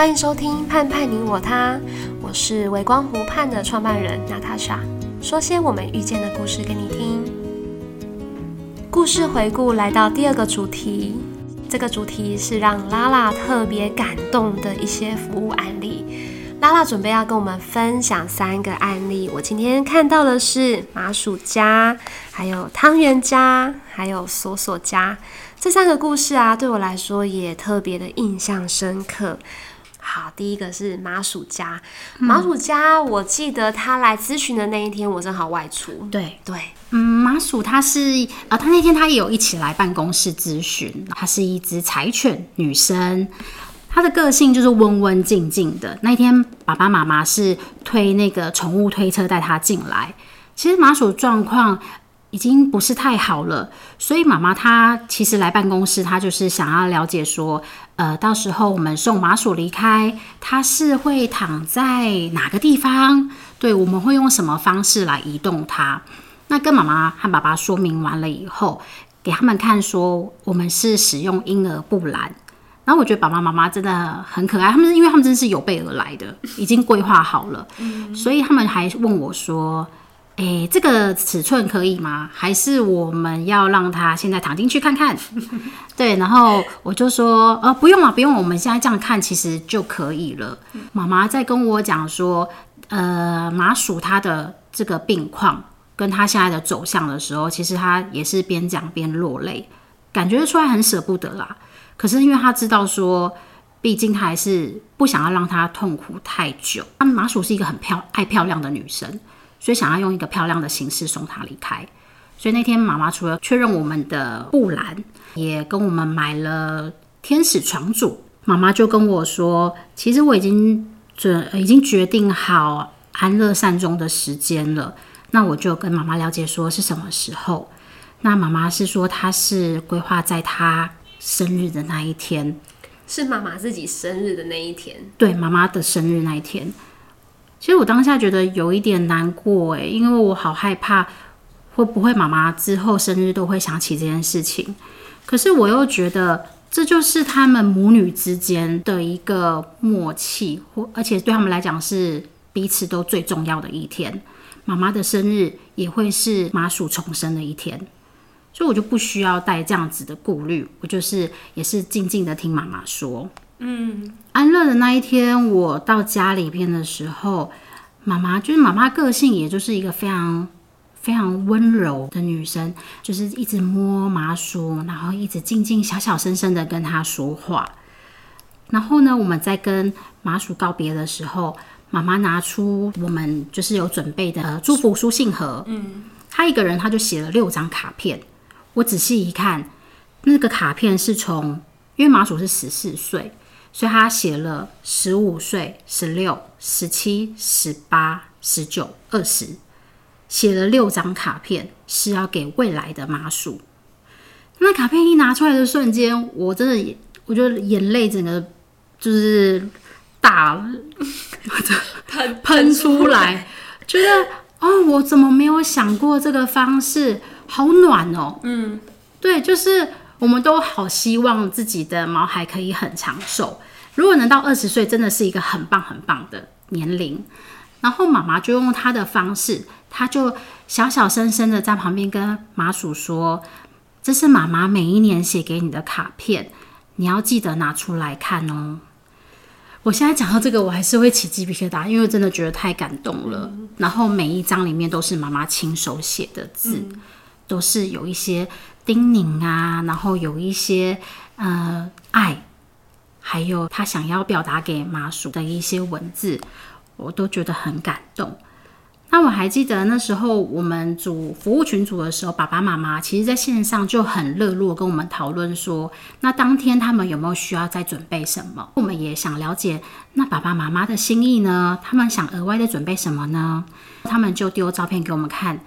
歡迎收聽《盼盼你我他》，我是微光湖盼的創辦人娜塔莎，說些我們遇見的故事給你聽。故事回顧來到第二個主題，這個主題是讓拉拉特別感動的一些服務案例。拉拉準備要跟我們分享三個案例，我今天看到的是麻薯家、還有湯圓家、還有索索家這三個故事啊，對我來說也特別的印象深刻。好，第一個是麻薯家，麻薯家，嗯、我記得他來諮詢的那一天，我正好外出。對對，對嗯，麻薯他是啊、呃，他那天他也有一起來辦公室諮詢，他是一只柴犬女生，她的個性就是溫溫靜靜的。那天爸爸媽媽是推那個寵物推車帶她進來，其實麻薯狀況。已經不是太好了，所以媽媽她其實來辦公室，她就是想要了解說，呃，到時候我們送馬索離開，她是會躺在哪個地方？對，我們會用什麼方式來移動她？那跟媽媽和爸爸說明完了以後，給他們看說，我們是使用嬰兒布籃。然後我覺得爸爸媽媽真的很可愛，他們因為他們真的是有備而來的，已經規劃好了，嗯、所以他們還問我說。誒，這個尺寸可以嗎？還是我們要讓他現在躺進去看看？ 對，然後我就說，呃，不用了，不用了，我們現在這樣看其實就可以了。嗯、媽媽在跟我講說，呃，麻薯她的這個病況跟她現在的走向的時候，其實她也是邊講邊落淚，感覺出來很舍不得啦、啊。可是因為她知道說，畢竟她還是不想要讓她痛苦太久。那麻薯是一個很漂愛漂亮的女生。所以想要用一個漂亮的形式送她離開。所以那天媽媽除了確認我們的護欄，也跟我們買了天使床組。媽媽就跟我說：“其實我已經準已經決定好安樂善終的時間了。”那我就跟媽媽了解說是什麼時候。那媽媽是說她是規劃在她生日的那一天，是媽媽自己生日的那一天。對，媽媽的生日那一天。其實我當下覺得有一點難過誒、欸，因為我好害怕，會不會媽媽之後生日都會想起這件事情。可是我又覺得這就是他們母女之間的一個默契，或而且對他們來講是彼此都最重要的一天。媽媽的生日也會是麻薯重生的一天，所以我就不需要帶這樣子的顧慮，我就是也是靜靜的聽媽媽說。嗯，安樂的那一天，我到家裡邊的時候，媽媽就是媽媽個性，也就是一個非常非常溫柔的女生，就是一直摸麻薯，然後一直靜靜小小聲聲的跟她說話。然後呢，我們在跟麻薯告別的時候，媽媽拿出我們就是有準備的，呃，祝福書信盒，嗯，她一個人她就寫了六張卡片。我仔細一看，那個卡片是從，因為麻薯是十四歲。所以他寫了十五歲、十六、十七、十八、十九、二十，寫了六張卡片，是要給未來的媽祖。那卡片一拿出來的瞬間，我真的，我就眼淚整個就是打噴噴出來，覺得哦，我怎麼沒有想過這個方式？好暖哦，嗯，對，就是。我們都好希望自己的毛孩可以很長壽。如果能到二十歲，真的是一個很棒很棒的年齡。然後媽媽就用她的方式，她就小小聲聲的在旁邊跟麻薯說：“這是媽媽每一年寫給你的卡片，你要記得拿出來看哦。”我現在講到這個，我還是會起雞皮疙瘩，因為真的覺得太感動了。嗯、然後每一張裡面都是媽媽親手寫的字，嗯、都是有一些。叮嚀啊，然後有一些呃愛，還有他想要表達給麻薯的一些文字，我都覺得很感動。那我還記得那時候我們組服務群組的時候，爸爸媽媽其實在線上就很熱絡，跟我們討論說，那當天他們有沒有需要再準備什麼？我們也想了解，那爸爸媽媽的心意呢？他們想額外的準備什麼呢？他們就丟照片給我們看。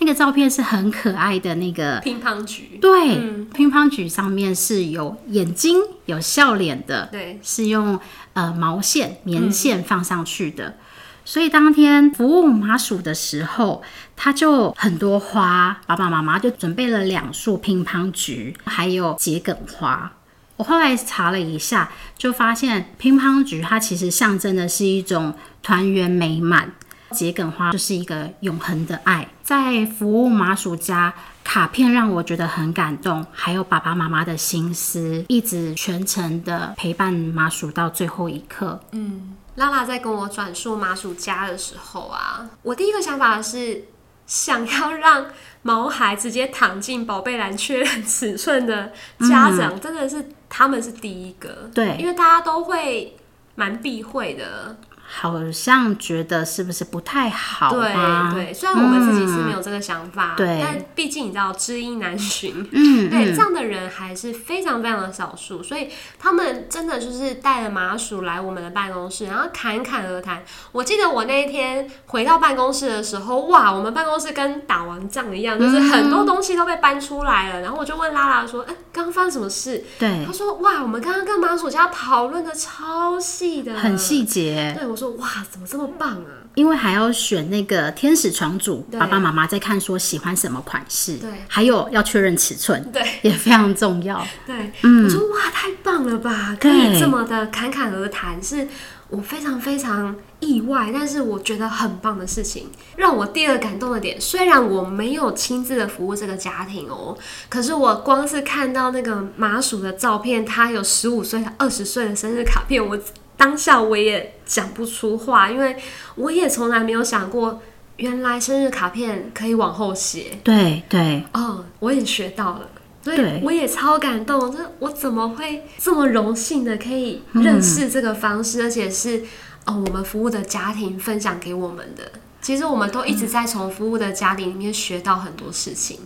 那個照片是很可愛的，那個乒乓菊，對，嗯、乒乓菊上面是有眼睛、有笑臉的，對，是用呃毛線、棉線放上去的。嗯、所以當天服務麻糬的時候，它就很多花，爸爸媽媽就準備了兩束乒乓菊，還有桔梗花。我後來查了一下，就發現乒乓菊它其實象徵的是一種團圓美滿，桔梗花就是一個永恆的愛。在服務麻薯家卡片讓我覺得很感動，還有爸爸媽媽的心思，一直全程的陪伴麻薯到最後一刻。嗯，拉拉在跟我轉述麻薯家的時候啊，我第一個想法是想要讓毛孩直接躺進寶貝籃確認尺寸的家長，嗯、真的是他們是第一個，對，因為大家都會蠻避諱的。好像覺得是不是不太好、啊？對對，雖然我們自己是沒有這個想法，嗯、但畢竟你知道知音難尋，嗯、對，這樣的人還是非常非常的少數，所以他們真的就是帶着麻薯來我們的辦公室，然後侃侃而談。我記得我那一天回到辦公室的時候，哇，我們辦公室跟打完仗一樣，就是很多東西都被搬出來了。嗯、然後我就問拉拉說：“哎、欸，剛發生什麼事？”對，他說：“哇，我們剛剛跟麻薯家討論的超細的，很細節。”對。我說，哇，怎麼這麼棒啊？因為還要選那個天使床組，對爸爸媽媽在看，說喜歡什麼款式，對，還有要確認尺寸，對，也非常重要。對，嗯、我說哇，太棒了吧，對可以這麼的侃侃而談，是我非常非常意外，但是我覺得很棒的事情。讓我第二感動的點，雖然我沒有親自的服務這個家庭哦，可是我光是看到那個麻薯的照片，他有十五歲、二十歲的生日卡片，我。當下我也講不出話，因為我也從來沒有想過，原來生日卡片可以往後寫。對對哦，我也學到了，對所以我也超感動。這、就是、我怎麼會這麼榮幸的可以認識這個方式，嗯、而且是哦我們服務的家庭分享給我們的。其實我們都一直在從服務的家庭裡、裡面學到很多事情。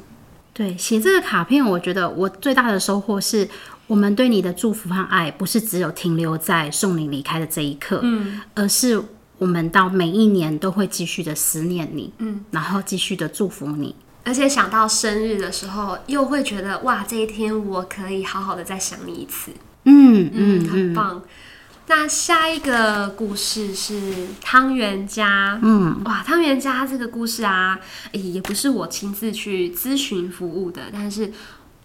對，寫這個卡片，我覺得我最大的收穫是。我們對你的祝福和愛，不是只有停留在送你離開的這一刻，嗯，而是我們到每一年都會繼續的思念你，嗯，然後繼續的祝福你，而且想到生日的時候，又會覺得哇，這一天我可以好好的再想你一次，嗯嗯，嗯，很棒。嗯，那下一個故事是湯圓家，嗯，哇，湯圓家這個故事啊，誒，也不是我親自去諮詢服務的，但是。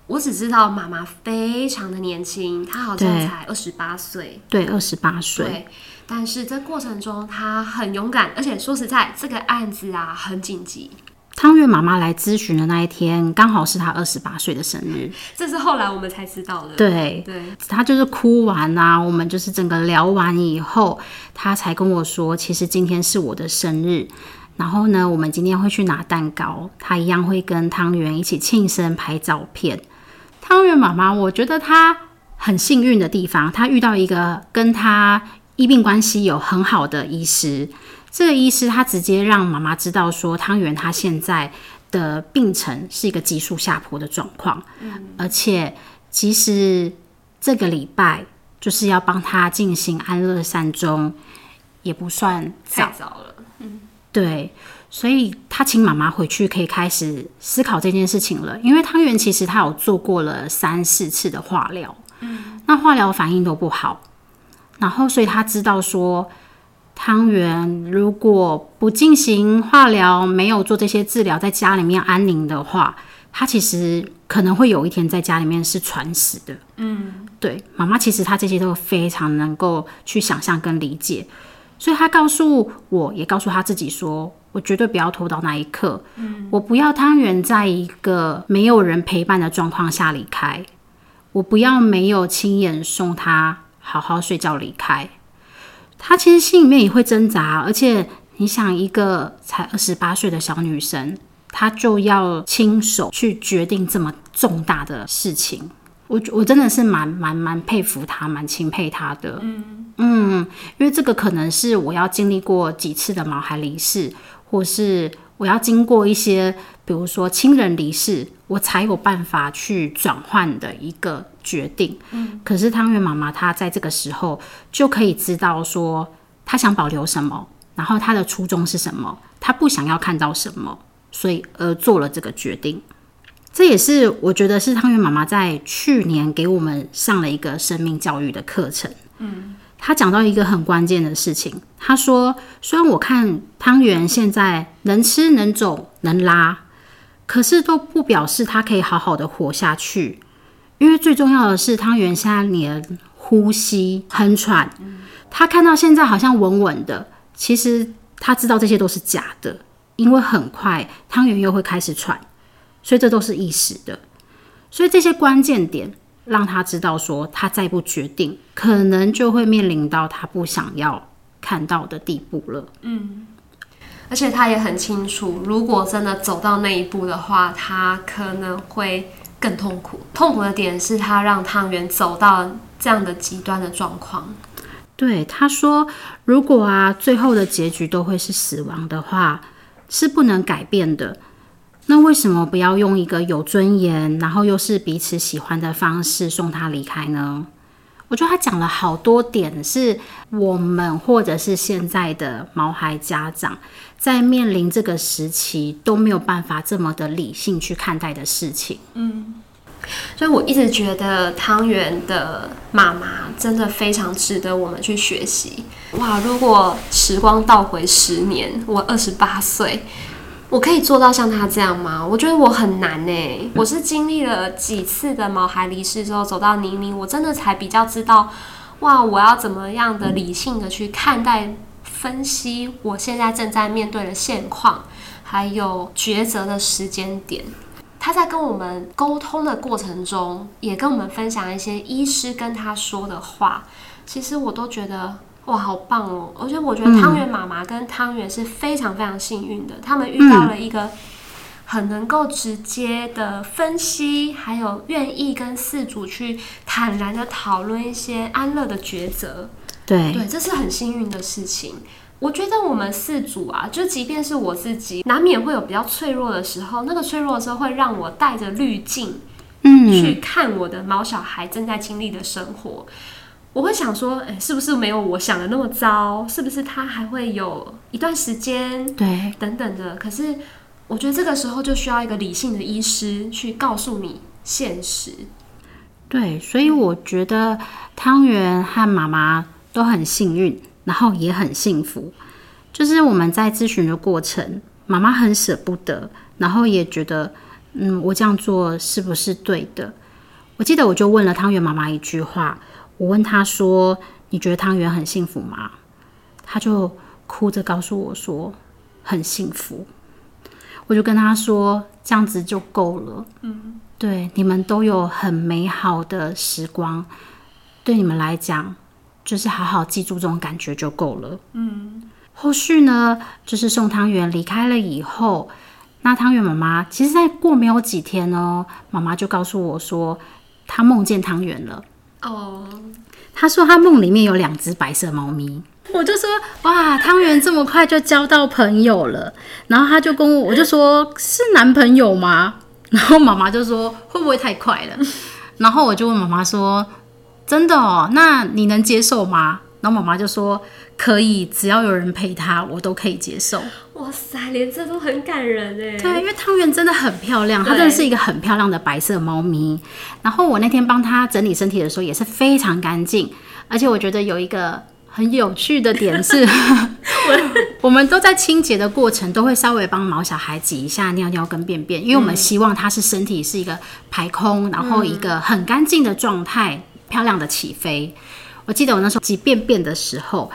我只知道媽媽非常的年輕，她好像才二十八歲，對。對，二十八歲。對。但是這過程中，她很勇敢，而且說實在，這個案子啊很緊急。湯圓媽媽來諮詢的那一天，剛好是她二十八歲的生日，這是後來我們才知道的。對對。對，她就是哭完啊，我們就是整個聊完以後，她才跟我說，其實今天是我的生日。然後呢，我們今天會去拿蛋糕，她一樣會跟湯圓一起慶生拍照片。湯圓媽媽，我覺得她很幸運的地方，她遇到一個跟她醫病關係有很好的醫師。這個醫師她直接讓媽媽知道說，湯圓她現在的病程是一個急速下坡的狀況，嗯，而且其實這個禮拜就是要幫她進行安樂善終，也不算早，太早了，嗯，對。所以他請媽媽回去，可以開始思考這件事情了。因為湯圓其實他有做過了三四次的化療，嗯，那化療反應都不好。然後，所以他知道說，湯圓如果不進行化療，沒有做這些治療，在家裡面安寧的話，他其實可能會有一天在家裡面是喘死的。嗯，對，媽媽其實他這些都非常能夠去想象跟理解。所以，他告訴我也告訴他自己說，說我絕對不要拖到那一刻。嗯，我不要湯圓在一個沒有人陪伴的狀況下離開，我不要沒有親眼送他好好睡覺離開。他其實心裡面也會掙扎，而且你想，一個才二十八歲的小女生，她就要親手去決定這麼重大的事情。我我真的是蠻蠻蠻佩服他，蠻欽佩他的。嗯，嗯，因為這個可能是我要經歷過幾次的毛孩離世，或是我要經過一些，比如說親人離世，我才有辦法去轉換的一個決定。嗯，可是湯圓媽媽她在這個時候就可以知道說，她想保留什麼，然後她的初衷是什麼，她不想要看到什麼，所以而做了這個決定。這也是我覺得是湯圓媽媽在去年給我們上了一個生命教育的課程。嗯，他講到一個很關鍵的事情，他說：“雖然我看湯圓現在能吃、能走、能拉，可是都不表示他可以好好的活下去。因為最重要的是，湯圓現在連呼吸很喘。他看到現在好像穩穩的，其實他知道這些都是假的，因為很快湯圓又會開始喘。”所以這都是一時的，所以這些關鍵點讓他知道，說他再不決定，可能就會面臨到他不想要看到的地步了。嗯，而且他也很清楚，如果真的走到那一步的話，他可能會更痛苦。痛苦的點是他讓湯圓走到這樣的極端的狀況。對，他說，如果啊最後的結局都會是死亡的話，是不能改變的。那為什麼不要用一個有尊嚴，然後又是彼此喜歡的方式送他離開呢？我覺得他講了好多點，是我們或者是現在的毛孩家長在面臨這個時期都沒有辦法這麼的理性去看待的事情。嗯，所以我一直覺得湯圓的媽媽真的非常值得我們去學習。哇，如果時光倒回十年，我二十八歲。我可以做到像他這樣嗎？我覺得我很難呢、欸。我是經歷了幾次的毛孩離世之後，走到寧明，我真的才比較知道，哇，我要怎麼樣的理性的去看待、分析我現在正在面對的現況，還有抉擇的時間點。他在跟我們溝通的過程中，也跟我們分享一些醫師跟他說的話。其實我都覺得。哇，好棒哦！而且我覺得湯圓媽媽跟湯圓是非常非常幸運的，嗯、他們遇到了一個很能夠直接的分析，嗯、還有願意跟飼主去坦然的討論一些安樂的抉擇。對，對，這是很幸運的事情。我覺得我們飼主啊，就即便是我自己，難免會有比較脆弱的時候，那個脆弱的時候會讓我帶着濾鏡，去看我的毛小孩正在經歷的生活。嗯我會想說，誒，是不是沒有我想的那麼糟？是不是他還會有一段時間？對，等等的。可是我覺得這個時候就需要一個理性的醫師去告訴你現實。對，所以我覺得湯圓和媽媽都很幸運，然後也很幸福。就是我們在諮詢的過程，媽媽很捨不得，然後也覺得，嗯，我這樣做是不是對的？我記得我就問了湯圓媽媽一句話。我問他說：“你覺得湯圓很幸福嗎？”他就哭着告訴我說：“很幸福。”我就跟他說：“這樣子就夠了。”嗯，對，你們都有很美好的時光，對你們來講，就是好好記住這種感覺就夠了。嗯，後續呢，就是送湯圓離開了以後，那湯圓媽媽其實再過沒有幾天哦，媽媽就告訴我說，她夢見湯圓了。哦，oh。他說他夢裡面有兩隻白色貓咪，我就說哇，湯圓這麼快就交到朋友了，然後他就跟我，我就說是男朋友嗎？然後媽媽就說會不會太快了？ 然後我就問媽媽說，真的哦，那你能接受嗎？然後媽媽就說：“可以，只要有人陪她，我都可以接受。”哇塞，連這都很感人誒。對，因為湯圓真的很漂亮，它對真的是一個很漂亮的白色貓咪。然後我那天幫它整理身體的時候，也是非常乾淨。而且我覺得有一個很有趣的點是， 我, 我們都在清潔的過程都會稍微幫毛小孩擠一下尿尿跟便便，因為我們希望它是身體是一個排空，嗯、然後一個很乾淨的狀態，漂亮的起飛。我記得我那時候擠便便的時候，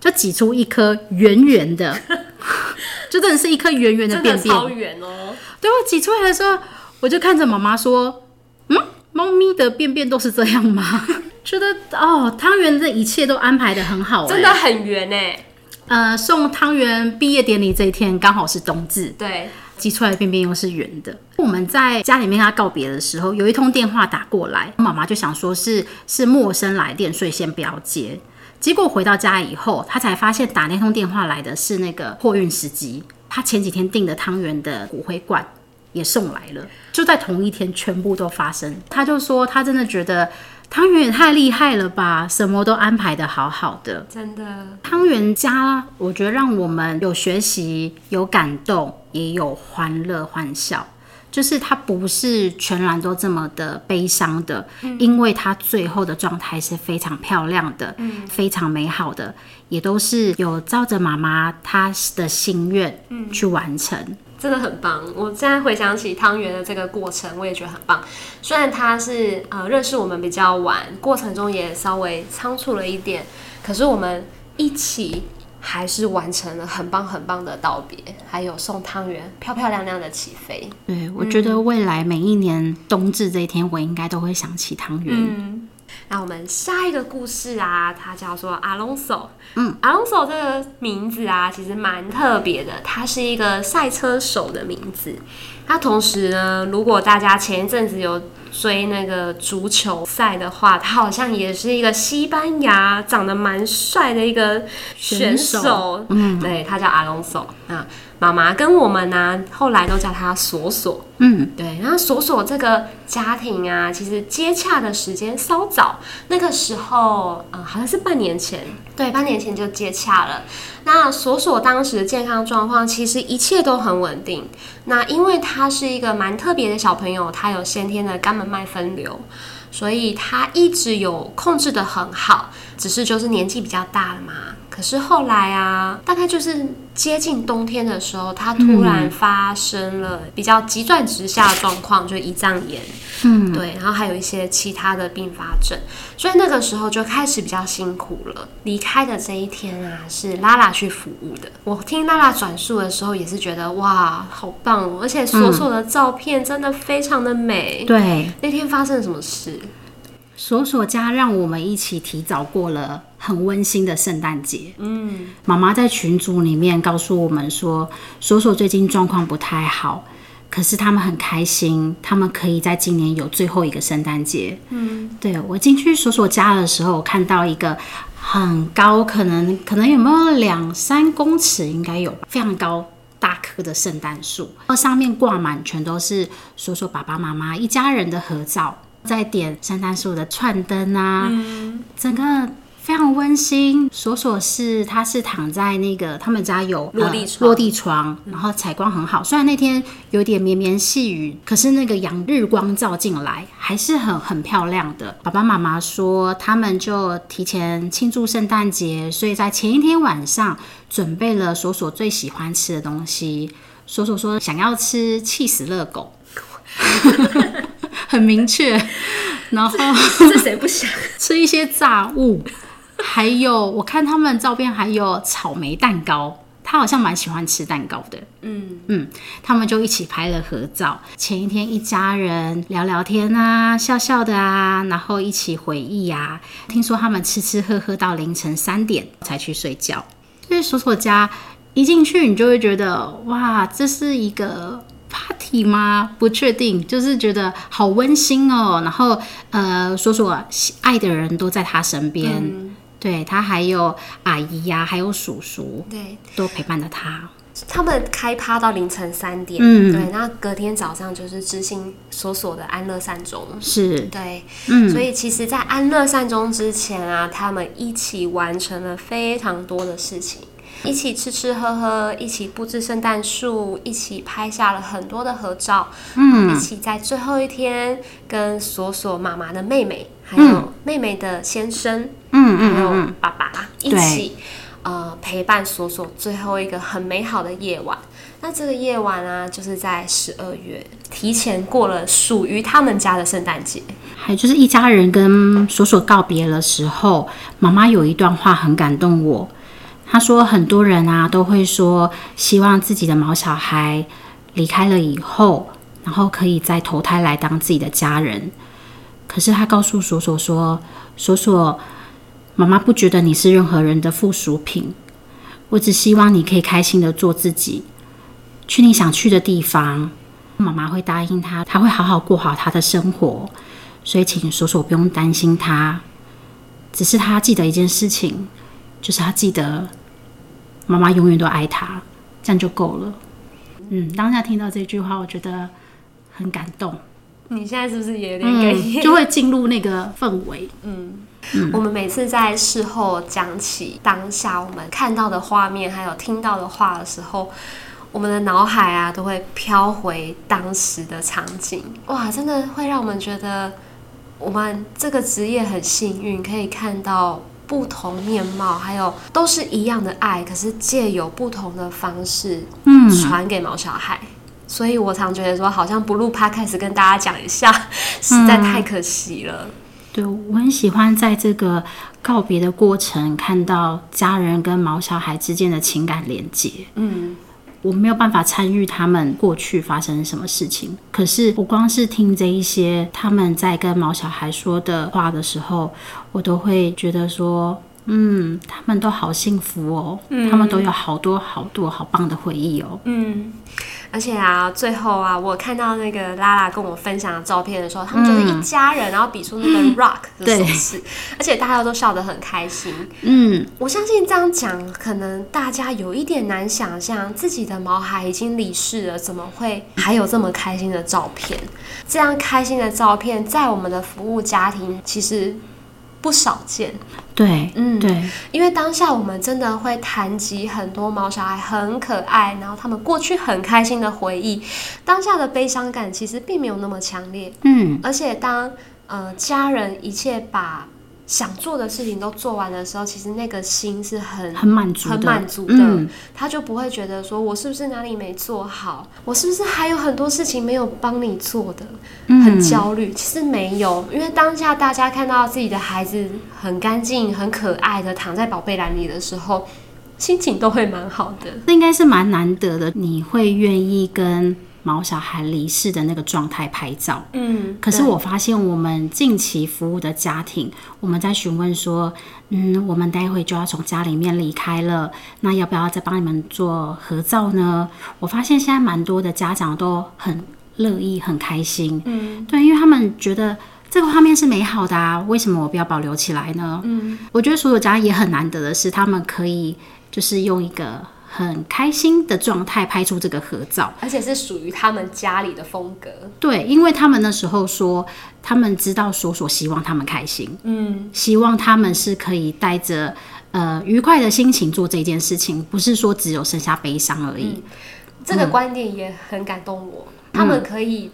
就擠出一顆圓圓的， 就真的是一顆圓圓的便便，超圓哦！對，我擠出來的時候，我就看着媽媽說：“嗯，貓咪的便便都是這樣嗎？” 覺得哦，湯圓這一切都安排得很好，欸，真的很圓哎！呃，送湯圓畢業典禮這一天剛好是冬至，對。擠出來，便便又是圓的。我們在家裡面跟他告別的時候，有一通電話打過來，媽媽就想說是是陌生來電，所以先不要接。結果回到家以後，她才發現打那通電話來的是那個貨運司機。她前幾天訂的湯圓的骨灰罐也送來了，就在同一天全部都發生。她就說她真的覺得湯圓也太厲害了吧，什麼都安排得好好的，真的。湯圓家，我覺得讓我們有學習，有感動。也有歡樂歡笑，就是他不是全然都這麼的悲傷的，嗯、因為他最後的狀態是非常漂亮的，嗯、非常美好的，也都是有照着媽媽他的心願去完成、嗯，真的很棒。我現在回想起湯圓的這個過程，我也覺得很棒。雖然他是呃認識我們比較晚，過程中也稍微倉促了一點，可是我們一起。還是完成了很棒很棒的道別，還有送湯圓，漂漂亮亮的起飛。對，我覺得未來每一年冬至這一天，嗯、我應該都會想起湯圓。嗯，那我們下一個故事啊，它叫做阿隆索。嗯，阿隆索這個名字啊，其實蠻特別的，它是一個賽車手的名字。他同時呢，如果大家前一陣子有追那個足球賽的話，他好像也是一個西班牙長得蠻帥的一個選手，選手，嗯，對，他叫阿隆索，啊媽媽跟我們呢、啊，後來都叫他索索。嗯，對。然後索索這個家庭啊，其實接洽的時間稍早，那個時候嗯好像是半年前。對，半年前就接洽了。那索索當時的健康狀況，其實一切都很穩定。那因為他是一個蠻特別的小朋友，他有先天的肝門脈分流，所以他一直有控制得很好。只是就是年紀比較大了嘛。可是後來啊，大概就是。接近冬天的時候，它突然發生了比較急轉直下的狀況，嗯、就胰臟炎，嗯，對，然後還有一些其他的并發症，所以那個時候就開始比較辛苦了。離開的這一天啊，是拉拉去服務的。我聽拉拉轉述的時候，也是覺得哇，好棒、哦，而且索索的照片真的非常的美。嗯、對，那天發生了什麼事？索索家讓我們一起提早過了。很溫馨的聖誕節。嗯，媽媽在群組裡面告訴我們說，索索最近狀況不太好，可是他們很開心，他們可以在今年有最後一個聖誕節。嗯，對，我進去索索家的時候，我看到一個很高，可能可能有沒有兩三公尺應該，應該有非常高大棵的聖誕樹，那上面掛滿全都是索索爸爸媽媽一家人的合照，在點聖誕樹的串燈啊，嗯、整個。非常溫馨。索索是，他是躺在那個他們家有、呃、落地窗、嗯、落地窗，然後採光很好。雖然那天有點綿綿細雨，可是那個陽日光照進來還是很很漂亮的。爸爸媽媽說他們就提前慶祝聖誕節，所以在前一天晚上準備了索索最喜歡吃的東西。索索說想要吃起司樂狗， 很明確。然後這誰不想吃一些炸物？還有我看他們照片，還有草莓蛋糕，他好像蠻喜歡吃蛋糕的。嗯嗯，他們就一起拍了合照。前一天一家人聊聊天啊，笑笑的啊，然後一起回憶啊。聽說他們吃吃喝喝到凌晨三點才去睡覺。就是、所以索索家一進去，你就會覺得哇，這是一個 party 嗎？不確定，就是覺得好溫馨哦。然後呃，索索愛的人都在他身邊。嗯對他還有阿姨呀、啊，還有叔叔，對，都陪伴着他。他們開趴到凌晨三點，嗯，對，那隔天早上就是執行所說的安樂善終，是對，嗯，所以其實，在安樂善終之前啊，他們一起完成了非常多的事情。一起吃吃喝喝，一起布置聖誕樹，一起拍下了很多的合照。嗯，一起在最後一天跟索索媽媽的妹妹，還有妹妹的先生，嗯，還有爸爸、嗯嗯嗯、一起，對呃，陪伴索索最後一個很美好的夜晚。那這個夜晚啊，就是在十二月提前過了屬於他們家的聖誕節。還有就是一家人跟索索告別的時候，媽媽有一段話很感動我。他說：“很多人啊，都會說希望自己的毛小孩離開了以後，然後可以再投胎來當自己的家人。可是他告訴索索說：‘索索，媽媽不覺得你是任何人的附屬品，我只希望你可以開心的做自己，去你想去的地方。媽媽會答應他，他會好好過好他的生活。所以請索索不用擔心他。只是他記得一件事情，就是他記得。”媽媽永遠都愛他，這樣就夠了。嗯，當下聽到這句話，我覺得很感動。你現在是不是也有點哽咽？嗯、就會進入那個氛圍？ 嗯，我們每次在事後講起當下我們看到的畫面，還有聽到的話的時候，我們的腦海啊都會飄回當時的場景。哇，真的會讓我們覺得我們這個職業很幸運，可以看到不同面貌，還有都是一樣的愛，可是藉由不同的方式，嗯，傳給毛小孩。嗯、所以我常覺得說，好像不錄 podcast 跟大家講一下，實在太可惜了。嗯、對，我很喜歡在這個告別的過程，看到家人跟毛小孩之間的情感連接。嗯。我沒有辦法參與他們過去發生什麼事情，可是我光是聽這一些他們在跟毛小孩說的話的時候，我都會覺得說，嗯，他們都好幸福哦，嗯、他們都有好多好多好棒的回憶哦。嗯而且啊，最後啊，我看到那個拉拉跟我分享的照片的時候，他們就是一家人，嗯、然後比出那個 rock 的手勢，對而且大家都笑得很開心。嗯，我相信這樣講，可能大家有一點難想象，自己的毛孩已經離世了，怎麼會還有這麼開心的照片？這樣開心的照片，在我們的服務家庭，其實。不少見，對，嗯，對，因為當下我們真的會談及很多毛小孩很可愛，然後他們過去很開心的回憶，當下的悲傷感其實並沒有那麼強烈，嗯，而且當呃家人一切把。想做的事情都做完的時候，其實那個心是很很滿足，很滿足的，足的嗯、他就不會覺得說我是不是哪裡沒做好，我是不是還有很多事情沒有幫你做的，嗯、很焦慮。其實沒有，因為當下大家看到自己的孩子很乾淨、很可愛的躺在寶貝籃裡的時候，心情都會蠻好的。那應該是蠻難得的，你會願意跟。毛小孩離世的那個狀態拍照，嗯，可是我發現我們近期服務的家庭，我們在詢問說，嗯，我們待會就要從家裡面離開了，那要不要再幫你們做合照呢？我發現現在蠻多的家長都很樂意、很開心，嗯，對，因為他們覺得這個畫面是美好的啊，為什麼我不要保留起來呢？嗯，我覺得所有家也很難得的是，他們可以就是用一個。很開心的狀態拍出這個合照，而且是屬於他們家裡的風格。對，因為他們那時候說，他們知道，說所希望他們開心，嗯，希望他們是可以帶着呃愉快的心情做這件事情，不是說只有剩下悲傷而已。嗯，這個觀點也很感動我，嗯，他們可以。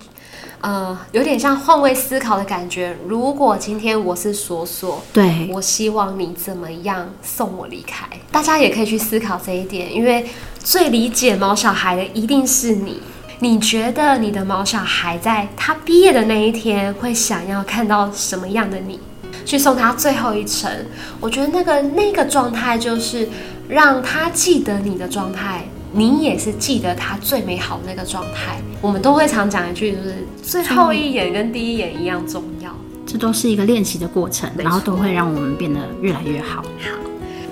呃，有點像換位思考的感覺。如果今天我是索索，對，我希望你怎麼樣送我離開，大家也可以去思考這一點，因為最理解毛小孩的一定是你。你覺得你的毛小孩在他畢業的那一天會想要看到什麼樣的你，去送他最後一程？我覺得那個那個狀態就是讓他記得你的狀態。你也是記得他最美好的那個狀態。我們都會常講一句，就是最後一眼跟第一眼一樣重要。嗯，這都是一個練習的過程，對錯。然後都會讓我們變得越來越好。好，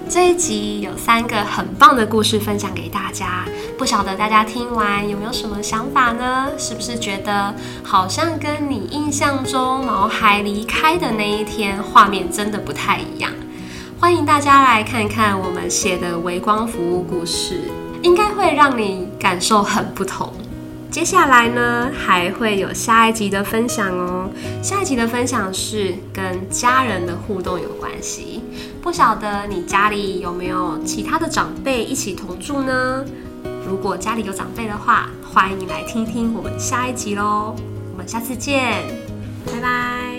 這一集有三個很棒的故事分享給大家。不曉得大家聽完有沒有什麼想法呢？是不是覺得好像跟你印象中毛孩離開的那一天畫面真的不太一樣？歡迎大家來看看我們寫的微光服務故事。應該會讓你感受很不同。接下來呢，還會有下一集的分享哦。下一集的分享是跟家人的互動有關係。不曉得你家裡有沒有其他的長輩一起同住呢？如果家裡有長輩的話，歡迎你來聽一聽我們下一集咯。我們下次見，拜拜。